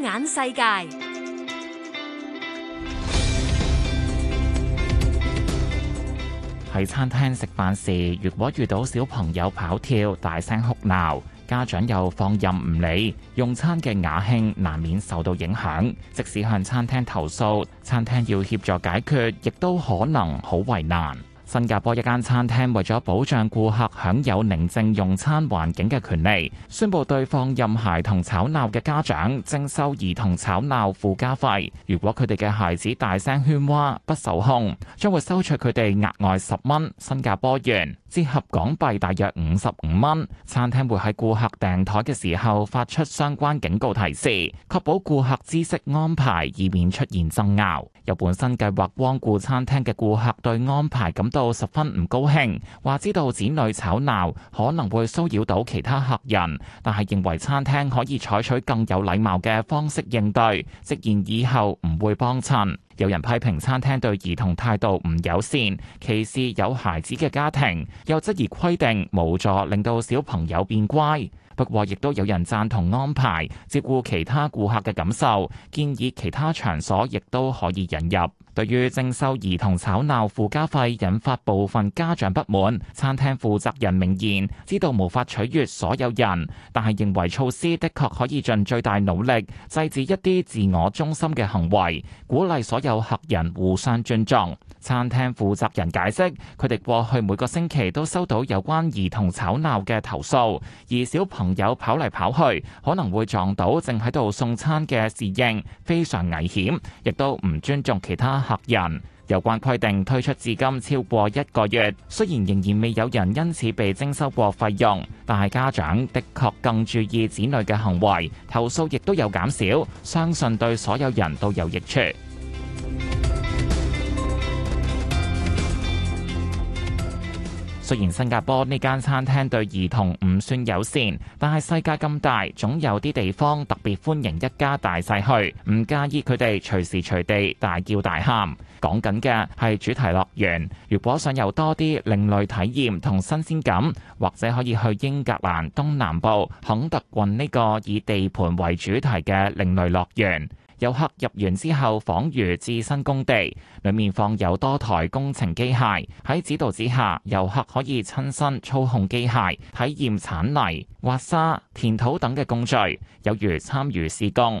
眼世界喺餐廳食飯時，如果遇到小朋友跑跳、大聲哭鬧，家長又放任唔理，用餐嘅雅興難免受到影響。即使向餐廳投訴，餐廳要協助解決，亦都可能好為難。新加坡一間餐廳為咗保障顧客享有寧靜用餐環境嘅權利，宣布對放任孩童吵鬧嘅家長徵收兒童吵鬧附加費，如果佢哋嘅孩子大聲喧嘩、不受控，將會收取佢哋額外十蚊新加坡元。折合港幣大約五十五蚊，餐廳會喺顧客訂枱嘅時候發出相關警告提示，確保顧客知識安排，以免出現爭拗。有本身計劃光顧餐廳嘅顧客對安排感到十分唔高興，話知道子女吵鬧可能會騷擾到其他客人，但係認為餐廳可以採取更有禮貌嘅方式應對，直言以後唔會幫襯。有人批評餐廳對兒童態度唔友善，歧視有孩子嘅家庭，又質疑規定無助令到小朋友變乖。不過，亦都有人贊同安排照顧其他顧客嘅感受，建議其他場所亦都可以引入。對於徵收兒童吵鬧附加費，引發部分家長不滿，餐廳負責人明言知道無法取悅所有人，但係認為措施的確可以盡最大努力，制止一啲自我中心嘅行為，鼓勵所有客人互相尊重。餐廳負責人解釋：佢哋過去每個星期都收到有關兒童吵鬧嘅投訴，而小朋友跑嚟跑去可能會撞到正喺度送餐嘅侍應，非常危險，亦都唔尊重其他客人。有關規定推出至今超過一個月，雖然仍然未有人因此被徵收過費用，但係家長的確更注意子女嘅行為，投訴亦都有減少，相信對所有人都有益處。雖然新加坡呢間餐廳對兒童唔算友善，但係世界咁大，總有啲地方特別歡迎一家大細去，唔介意佢哋隨時隨地大叫大喊。講緊嘅係主題樂園，如果想有多啲另類體驗同新鮮感，或者可以去英格蘭東南部肯特郡呢個以地盤為主題嘅另類樂園。遊客入園之後，仿如置身工地，裡面放有多台工程機械。喺指導之下，遊客可以親身操控機械，體驗剷泥、挖沙、填土等嘅工序，有如參與施工。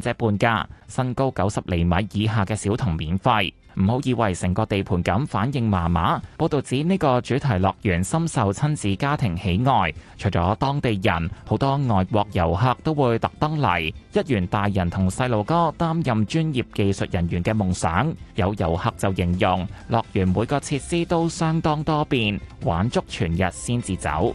兩半價，身高九十厘米以下嘅小童免費。唔好以為成個地盤咁反應麻麻。報道指呢個主題樂園深受親子家庭喜愛，除咗當地人，好多外國遊客都會特登嚟，一圓大人同細路哥擔任專，專業技術人員嘅夢想。有遊客就形容，樂園每個設施都相當多變，玩足全日先至走。